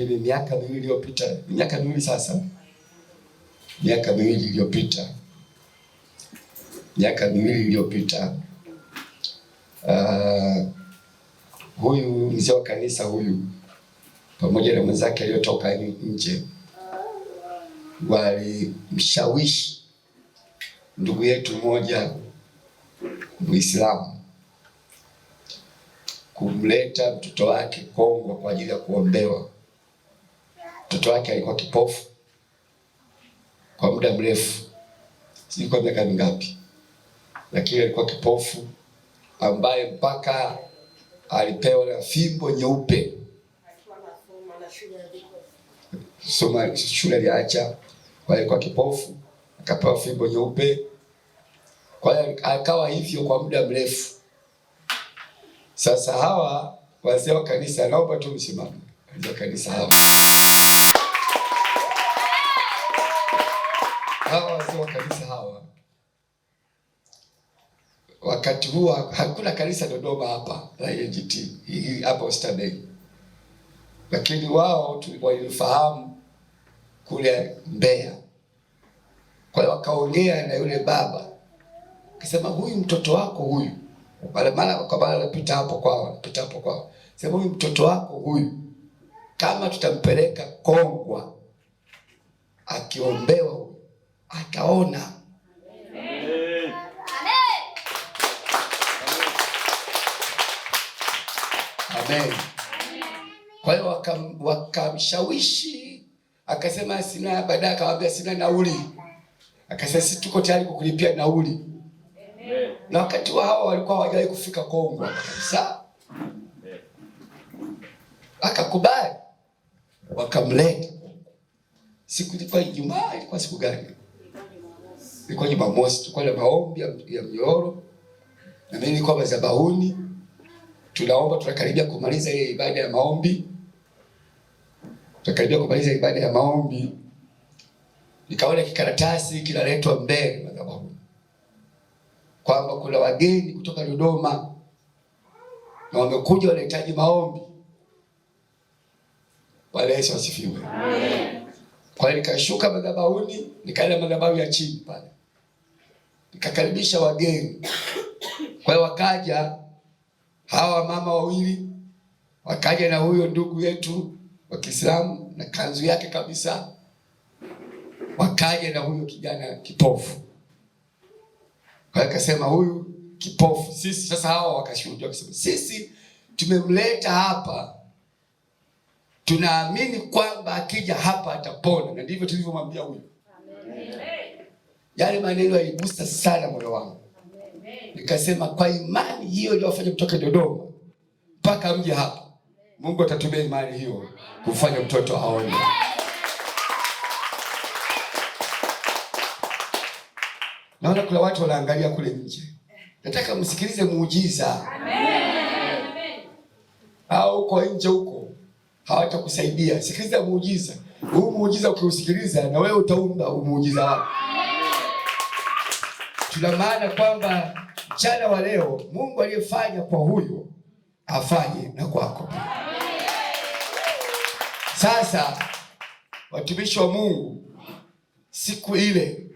nafikiri miaka miwili iliyopita, miaka miwili sasa, miaka miwili iliyopita, miaka miwili iliyopita, uh, huyu mzee wa kanisa huyu pamoja na mwenzake aliyotoka nje walimshawishi ndugu yetu mmoja Muislamu kumleta mtoto wake Kongwa kwa ajili ya kuombewa mtoto wake alikuwa kipofu kwa muda mrefu, sijui kwa miaka mingapi, lakini alikuwa kipofu ambaye mpaka alipewa na fimbo nyeupe soma shule aliacha, alikuwa kipofu akapewa fimbo nyeupe. Kwa hiyo akawa hivyo kwa muda mrefu. Sasa hawa wazee wa kanisa, naomba tu msimame za kanisa hawa. Hawa wazee wa kanisa hawa, wakati huo hakuna kanisa Dodoma hapa la hii hapa Oysterbay, lakini wao walifahamu kule Mbeya, kwa hiyo wakaongea na yule baba akasema, huyu mtoto wako huyu, kwa mara wanapita hapo kwao, wanapita hapo kwao, sema huyu mtoto wako huyu kama tutampeleka Kongwa akiombewa ataona. Amen. Amen. Kwa hiyo wakamshawishi waka, akasema sina, baadaye akamwambia sina nauli, akasema si tuko tayari kukulipia nauli. Amen. Na wakati wa hawa walikuwa hawajawahi kufika Kongwa kabisa, akakubali wakamleta. Siku ilikuwa Ijumaa, ilikuwa siku gani? Ilikuwa Jumamosi. Tulikuwa na maombi ya mnyororo na mimi nilikuwa madhabahuni, tunaomba, tunakaribia kumaliza ile ibada ya maombi, tunakaribia kumaliza ibada ya maombi, nikaona kikaratasi kinaletwa mbele madhabahuni kwamba kuna wageni kutoka Dodoma na wamekuja wanahitaji maombi. Bwana Yesu asifiwe. Amen. Kwa hiyo nikashuka madhabahuni, nikaenda madhabahu ya chini pale. Nikakaribisha wageni. Kwa hiyo wakaja hawa mama wawili, wakaja na huyo ndugu yetu wa Kiislamu na kanzu yake kabisa. Wakaja na huyo kijana kipofu. Kwa hiyo akasema huyu kipofu sisi sasa, hawa wakashuhudia kusema sisi tumemleta hapa Tunaamini kwamba akija hapa atapona, na ndivyo tulivyomwambia huyu. Yale maneno yaligusa sana moyo wangu, nikasema kwa imani hiyo iliyofanya kutoka Dodoma mpaka mje hapa, Mungu atatumia imani hiyo kumfanya mtoto aone. Naona kuna watu wanaangalia kule nje, nataka msikilize muujiza. Au uko nje huko hawatakusaidia. Sikiliza muujiza huu, muujiza ukiusikiliza na wewe utaunda muujiza wako. Tuna maana kwamba mchana wa leo Mungu aliyefanya kwa huyu afanye na kwako. Sasa watumishi wa Mungu, siku ile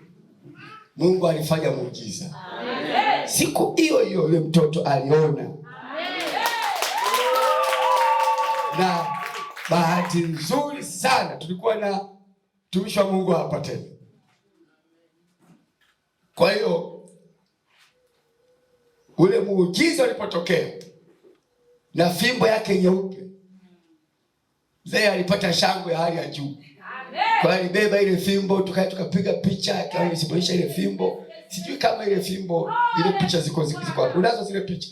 Mungu alifanya muujiza, siku hiyo hiyo yule mtoto aliona Bahati nzuri sana tulikuwa na mtumishi wa Mungu hapa tena. Kwa hiyo ule muujiza ulipotokea na fimbo yake nyeupe, mzee alipata shangwe ya hali ya juu. Kwa alibeba ile fimbo, tukae tukapiga picha, akasimamisha ile fimbo. Sijui kama ile fimbo ile picha ziko ziko, ziko. Unazo zile picha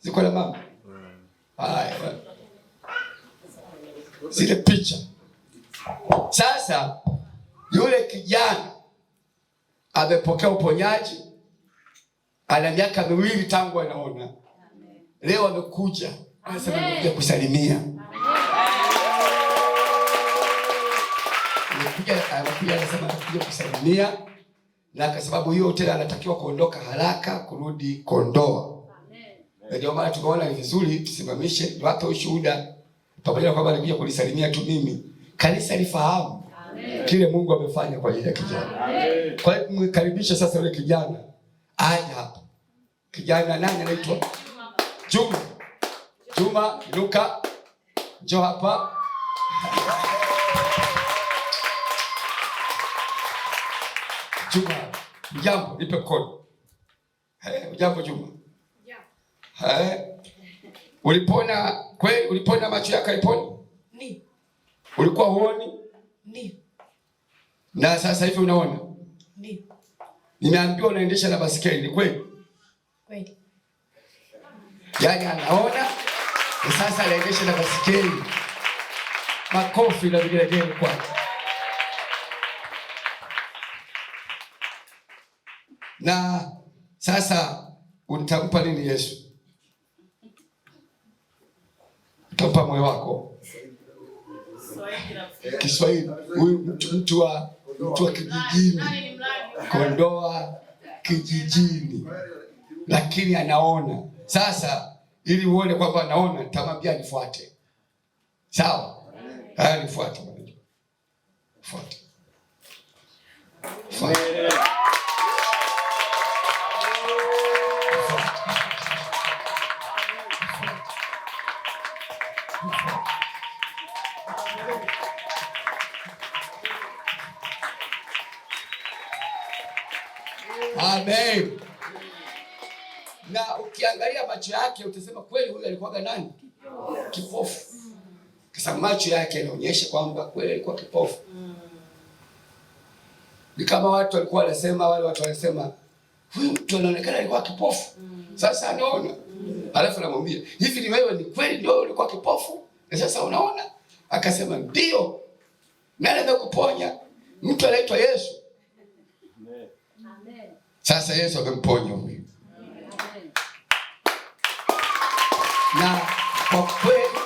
ziko na mama haya zile picha. Sasa yule kijana amepokea uponyaji, ana miaka miwili tangu anaona. Leo amekuja anasema nimekuja kusalimia, anasema nimekuja kusalimia, na kwa sababu hiyo tena anatakiwa kuondoka haraka kurudi Kondoa. Ndio maana tukaona ni vizuri tusimamishe, niwape ushuhuda pamoja na kwamba nikuja kulisalimia tu mimi, kanisa lifahamu kile Mungu amefanya kwa ajili ya kijana. Amen. Kwa hiyo mkaribishe sasa yule kijana aje hapa. Kijana nani anaitwa? Juma. Juma Luka, njoo hapa. Juma, jambo, nipe mkono. Eh, jambo Juma. Yeah. Eh, Ulipona kweli? Ulipona macho yako yalipona? Ni. Ulikuwa huoni? Ni. Na sasa hivi unaona? Ni. Nimeambiwa unaendesha na basikeli, ni kweli? Kweli. Yaani anaona na sasa anaendesha na basikeli. Makofi na vigelegele kwa. Na sasa utampa nini Yesu? chopa moyo wako. Kiswahili huyu mtu wa mtu wa kijijini, Kondoa kijijini, lakini anaona sasa. Ili uone kwamba anaona, nitamwambia nifuate. Sawa, haya, nifuate, nifuate, nifuate. Amen. Na ukiangalia macho yake utasema kweli huyu alikuwa nani? Kipofu. Kisa macho yake yanaonyesha kwamba kweli alikuwa kipofu. Ni kama watu walikuwa wanasema, wale watu wanasema huyu mtu anaonekana alikuwa kipofu. Sasa anaona. Alafu anamwambia, hivi ni wewe, ni kweli ndio ulikuwa kipofu? Na sasa unaona? Akasema ndio. Nani anakuponya? Mtu anaitwa Yesu. Sasa Yesu amemponya huyu, na kwa kweli,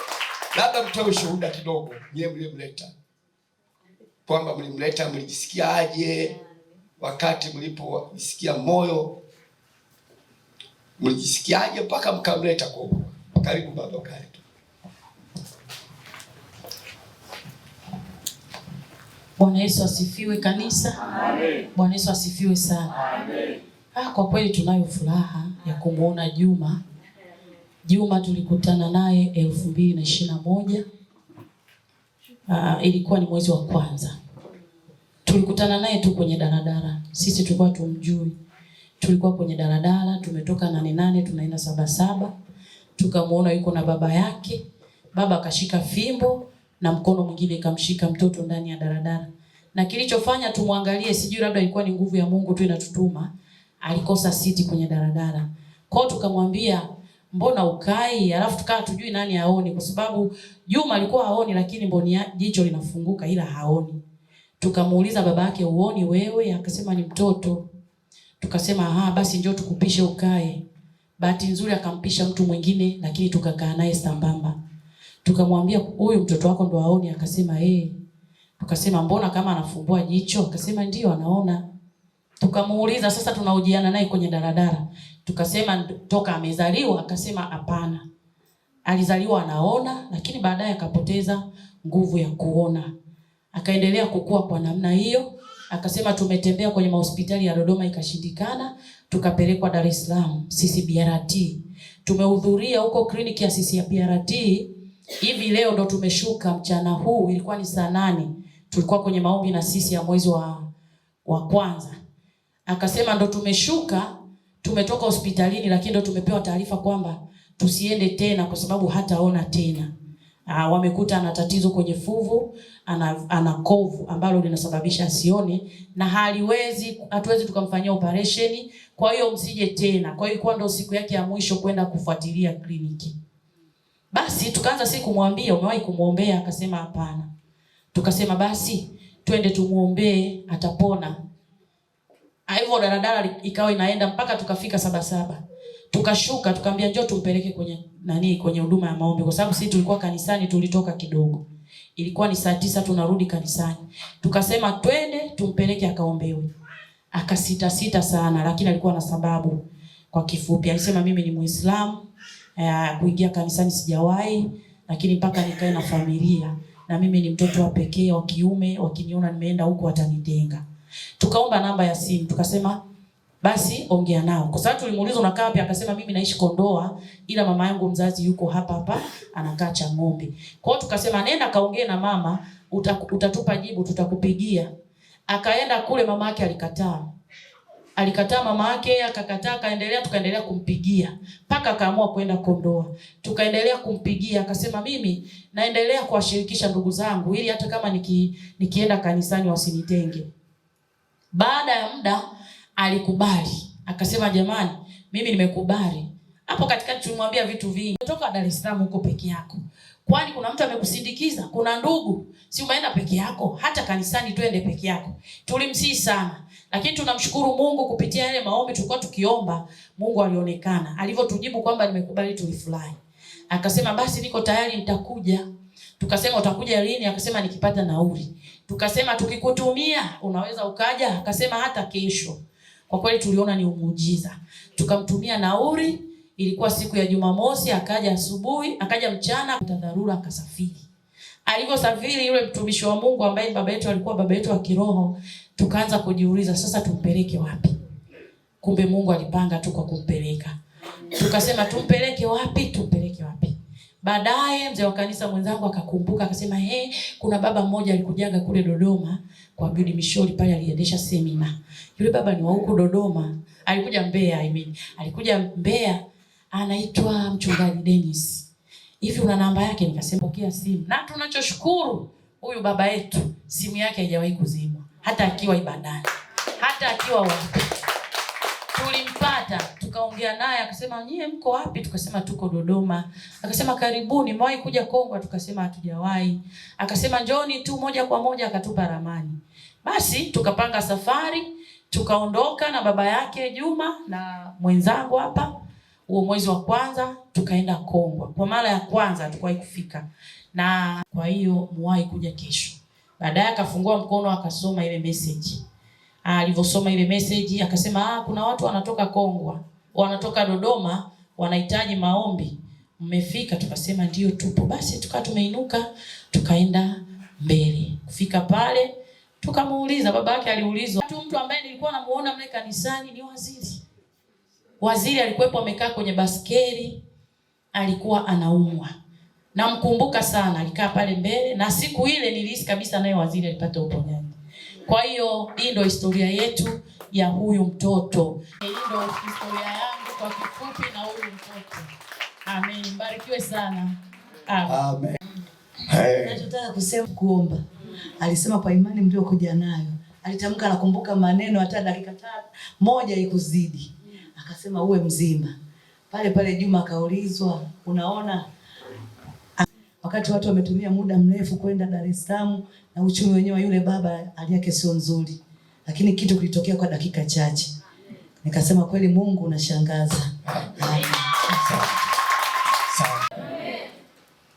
labda mtoe shuhuda kidogo, nyie mlimleta, kwamba mlimleta, mlijisikiaje wakati mlipojisikia moyo, mlijisikiaje mpaka mkamleta kwa Karibu baba, Bwana Yesu asifiwe kanisa. Amen. Bwana Yesu asifiwe sana. Amen. Ah, kwa kweli tunayo furaha ya kumwona Juma. Juma tulikutana naye elfu mbili na ishiri na moja. Ah, ilikuwa ni mwezi wa kwanza. Tulikutana naye tu kwenye daladala. Sisi tulikuwa tumjui. Tulikuwa kwenye daladala, tumetoka nane nane tunaenda saba saba. Tukamwona yuko na baba yake. Baba akashika fimbo na mkono mwingine ikamshika mtoto ndani ya daradara. Na kilichofanya tumwangalie, sijui labda ilikuwa ni nguvu ya Mungu tu inatutuma, alikosa siti kwenye daradara. Kwao tukamwambia mbona ukai? Alafu tukaa tujui nani haoni, kwa sababu Juma alikuwa haoni, lakini mboni jicho linafunguka ila haoni. Tukamuuliza baba yake uoni wewe? Akasema ni mtoto. Tukasema aha, basi njoo tukupishe ukae. Bahati nzuri akampisha mtu mwingine, lakini tukakaa naye sambamba. Tukamwambia huyu mtoto wako ndo aoni? Akasema eh. Tukasema mbona kama anafumbua jicho? Akasema ndio anaona. Tukamuuliza sasa, tunaojiana naye kwenye daradara, tukasema toka amezaliwa? Akasema hapana, alizaliwa anaona, lakini baadaye akapoteza nguvu ya kuona, akaendelea kukua kwa namna hiyo. Akasema tumetembea kwenye mahospitali ya Dodoma ikashindikana, tukapelekwa Dar es Salaam brt tumehudhuria huko kliniki ya brt Hivi leo ndo tumeshuka mchana huu, ilikuwa ni saa nane, tulikuwa kwenye maombi na sisi ya mwezi wa, wa kwanza. Akasema ndo tumeshuka, tumetoka hospitalini, lakini ndo tumepewa taarifa kwamba tusiende tena kwa sababu hataona tena. Aa, ah, wamekuta ana tatizo kwenye fuvu, ana, ana kovu ambalo linasababisha asione na haliwezi, hatuwezi tukamfanyia operesheni, kwa hiyo msije tena. Kwa hiyo ilikuwa ndo siku yake ya mwisho kwenda kufuatilia kliniki. Basi tukaanza si kumwambia umewahi kumwombea, akasema hapana. Tukasema basi twende tumuombee atapona. Ah, hivyo daladala ikawa inaenda mpaka tukafika Sabasaba. Tukashuka tukamwambia njoo tumpeleke kwenye nani, kwenye huduma ya maombi, kwa sababu sisi tulikuwa kanisani, tulitoka kidogo, ilikuwa ni saa tisa tunarudi kanisani. Tukasema twende tumpeleke akaombewe. Akasita sita sana, lakini alikuwa na sababu. Kwa kifupi alisema mimi ni Muislamu, ya eh, kuingia kanisani sijawahi, lakini mpaka nikae na familia na mimi ni mtoto wa pekee wa kiume, wakiniona nimeenda huko watanitenga. Tukaomba namba ya simu, tukasema basi ongea nao, kwa sababu tulimuuliza unakaa wapi, akasema mimi naishi Kondoa, ila mama yangu mzazi yuko hapa hapa anakaa Chang'ombe. Kwa hiyo tukasema nenda kaongee na mama, utatupa jibu, tutakupigia. Akaenda kule, mama yake alikataa Alikataa mama yake, akakataa, akaendelea, tukaendelea kumpigia mpaka akaamua kwenda Kondoa. Tukaendelea kumpigia, akasema mimi naendelea kuwashirikisha ndugu zangu ili hata kama niki, nikienda kanisani wasinitenge. Baada ya muda alikubali, akasema jamani, mimi nimekubali. Hapo katikati tulimwambia vitu vingi. toka Dar es Salaam huko peke yako. Kwani kuna mtu amekusindikiza? Kuna ndugu? Si umeenda peke yako? Hata kanisani twende peke yako. Tulimsii sana. Lakini tunamshukuru Mungu kupitia yale maombi tulikuwa tukiomba, Mungu alionekana. Alivyotujibu kwamba nimekubali, tulifurahi. Akasema basi niko tayari nitakuja. Tukasema utakuja lini? Akasema nikipata nauli. Tukasema tukikutumia unaweza ukaja? Akasema hata kesho. Kwa kweli tuliona ni umujiza Tukamtumia nauli, ilikuwa siku ya Jumamosi, akaja asubuhi, akaja mchana, kwa dharura akasafiri. Alivyosafiri yule mtumishi wa Mungu ambaye baba yetu alikuwa baba yetu wa kiroho, Tukaanza kujiuliza sasa tumpeleke wapi? Kumbe Mungu alipanga tu kwa kumpeleka. Tukasema tumpeleke wapi? Tumpeleke wapi? Baadaye mzee wa kanisa mwenzangu akakumbuka akasema, he, kuna baba mmoja alikujaga kule Dodoma kwa Budi Mishori pale, aliendesha semina. Yule baba ni wa huko Dodoma, alikuja Mbeya, I mean alikuja Mbeya, anaitwa mchungaji Dennis. Hivi una namba yake? Nikasema pokea simu, na tunachoshukuru huyu baba yetu simu yake haijawahi kuzima hata akiwa ibadani, hata akiwa wapi. Tulimpata tukaongea naye, akasema nyie mko wapi? Tukasema tuko Dodoma. Akasema karibuni, mewahi kuja Kongwa? Tukasema hatujawahi. Akasema njoni tu moja kwa moja, akatupa ramani. Basi tukapanga safari, tukaondoka na baba yake Juma na mwenzangu hapa huo mwezi wa kwanza tukaenda Kongwa kwa mara ya kwanza, hatukuwahi kufika, na kwa hiyo muwahi kuja kesho. Baadaye akafungua mkono akasoma ile message. Ah, alivyosoma ile message akasema, ah, kuna watu wanatoka Kongwa, wanatoka Dodoma, wanahitaji maombi. Mmefika? Tukasema ndio, tupo. Basi tukawa tumeinuka tukaenda mbele. Kufika pale tukamuuliza, baba yake aliulizwa mtu ambaye nilikuwa namuona mle kanisani ni waziri. Waziri alikuwepo amekaa kwenye baskeli, alikuwa anaumwa. Namkumbuka sana, alikaa pale mbele, na siku ile nilihisi kabisa naye waziri alipata uponyaji. Kwa hiyo hii ndio historia yetu ya huyu mtoto, hii ndio historia yangu kwa kifupi na huyu mtoto. Amen, barikiwe sana. Amen. hey. kusema kuomba, alisema kwa imani mliokuja nayo, alitamka nakumbuka maneno hata dakika tatu moja ikuzidi, akasema uwe mzima. Pale pale Juma akaulizwa, unaona wakati watu wametumia muda mrefu kwenda Dar es Salaam na uchumi wenyewe wa yule baba hali yake sio nzuri, lakini kitu kilitokea kwa dakika chache. Nikasema kweli Mungu unashangaza.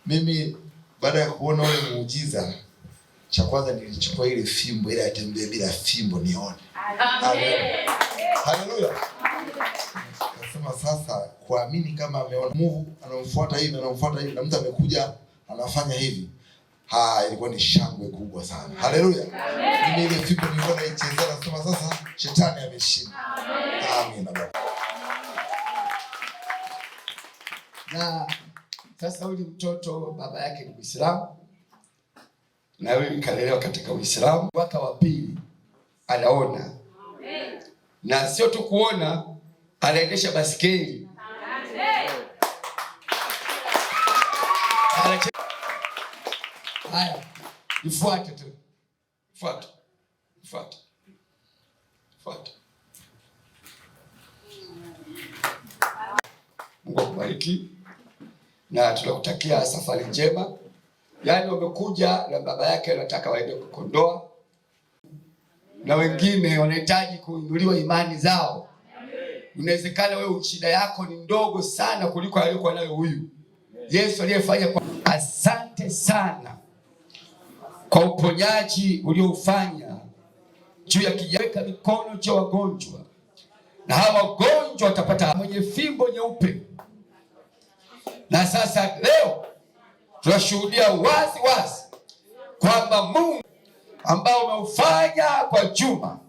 Mimi baada ya kuona ule muujiza, cha kwanza nilichukua ile fimbo ile, atembee bila fimbo nione. Haleluya. Nasema sasa kuamini kama ameona Mungu anamfuata hivi anamfuata hivi na mtu amekuja anafanya hivi Ha, ilikuwa ni shangwe kubwa sana. Haleluya. Mimi ile siku nilikuwa naichezea na kusema sasa shetani ameshinda. Amen. Amen. Na sasa huyu mtoto baba yake ni Muislamu. Na yeye kalelewa katika Uislamu. Mwaka wa pili anaona. Amen. Na sio tu kuona, anaendesha basikeli. Haya, ifuate tu, ifuate, ifuate, ifuate. Mungu akubariki na tunakutakia safari njema. Yaani wamekuja na baba yake wanataka waende kukondoa, na wengine wanahitaji kuinuliwa imani zao. unawezekana wewe shida yako ni ndogo sana kuliko aliyokuwa nayo huyu Yesu aliyefanya kwa... asante sana kwa uponyaji ulioufanya juu ya kijaweka mikono cha wagonjwa na hawa wagonjwa watapata, mwenye fimbo nyeupe. Na sasa leo tunashuhudia wazi wazi kwamba Mungu ambao umeufanya kwa Juma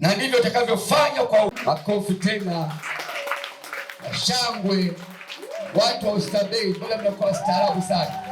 na ndivyo utakavyofanya kwa makofi tena na shangwe. Watu wa Oysterbay, mbona mnakuwa staarabu sana?